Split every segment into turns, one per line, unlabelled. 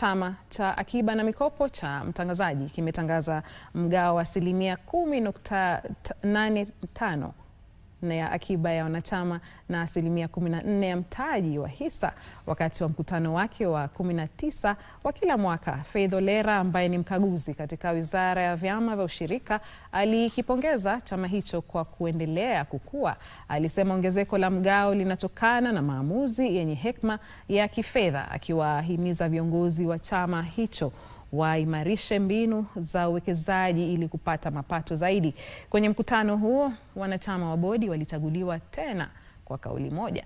Chama cha Akiba na Mikopo cha mtangazaji kimetangaza mgao wa asilimia kumi ya akiba ya wanachama na asilimia 14 ya mtaji wa hisa wakati wa mkutano wake wa 19 wa kila mwaka. Faith Olera ambaye ni mkaguzi katika Wizara ya Vyama vya Ushirika alikipongeza chama hicho kwa kuendelea kukua. Alisema ongezeko la mgao linatokana na maamuzi yenye hekima ya kifedha, akiwahimiza viongozi wa chama hicho waimarishe mbinu za uwekezaji ili kupata mapato zaidi. Kwenye mkutano huo, wanachama wa bodi walichaguliwa tena kwa kauli moja.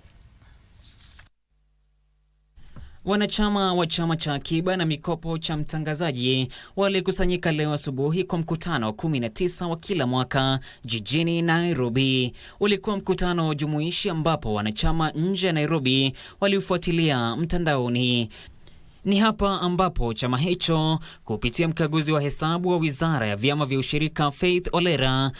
Wanachama wa chama cha akiba na mikopo cha mtangazaji walikusanyika leo asubuhi kwa mkutano wa 19 wa kila mwaka jijini Nairobi. Ulikuwa mkutano wa jumuishi ambapo wanachama nje ya Nairobi waliufuatilia mtandaoni. Ni hapa ambapo chama hicho kupitia mkaguzi wa hesabu wa wizara ya vyama vya ushirika Faith Olera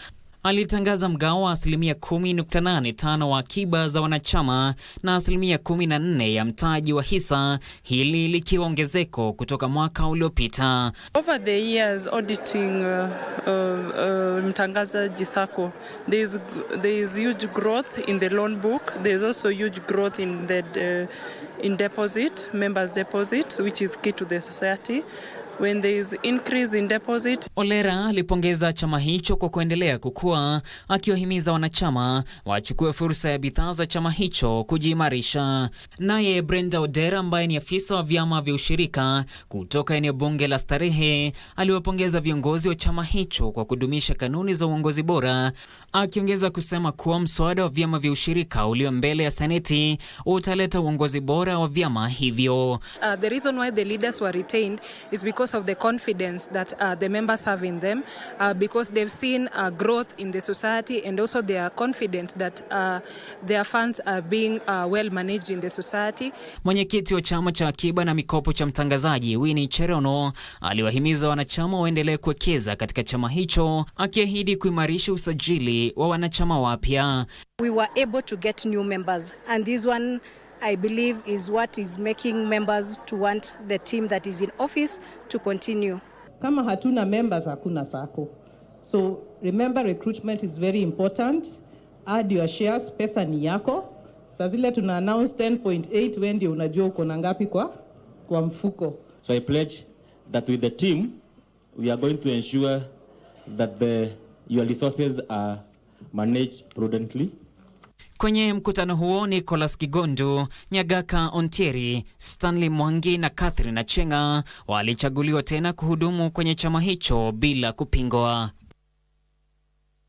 alitangaza mgao wa asilimia 10.85 wa akiba za wanachama na asilimia 14 ya mtaji wa hisa, hili likiwa ongezeko kutoka mwaka uliopita.
Over the years auditing uh, uh, uh, mtangazaji sako there is, there is huge growth in the loan book there is also huge growth in the uh, in deposit members deposit which is key to the society when there is increase in deposit.
Olera alipongeza chama hicho kwa kuendelea kukua, akiwahimiza wanachama wachukue fursa ya bidhaa za chama hicho kujiimarisha. Naye Brenda Odera ambaye ni afisa wa vyama vya ushirika kutoka eneo bunge la Starehe aliwapongeza viongozi wa chama hicho kwa kudumisha kanuni za uongozi bora, akiongeza kusema kuwa mswada wa vyama vya ushirika ulio mbele ya Seneti utaleta uongozi bora wa vyama hivyo.
Uh, the reason why the leaders were retained is because because of the confidence that uh, the members have in them uh, because they've seen uh, growth in the society and also they are confident that uh, their funds are being uh, well managed in the society.
Mwenyekiti wa chama cha akiba na mikopo cha mtangazaji Winnie Cherono aliwahimiza wanachama waendelee kuwekeza katika chama hicho akiahidi kuimarisha usajili wa wanachama wapya.
We were able to get new members and this one I believe is what is making members to want the team that is in office to continue.
Kama hatuna members hakuna sako. So remember recruitment is very important. Add your shares, pesa ni yako. Sasa zile tuna announce 10.8 wewe ndio unajua uko na ngapi kwa kwa mfuko.
So I pledge that with the team we are going to ensure that the your resources are managed prudently.
Kwenye mkutano huo Nicholas Kigondu, Nyagaka Ontieri, Stanley Mwangi na Catherine Achenga walichaguliwa tena kuhudumu kwenye chama hicho bila kupingwa.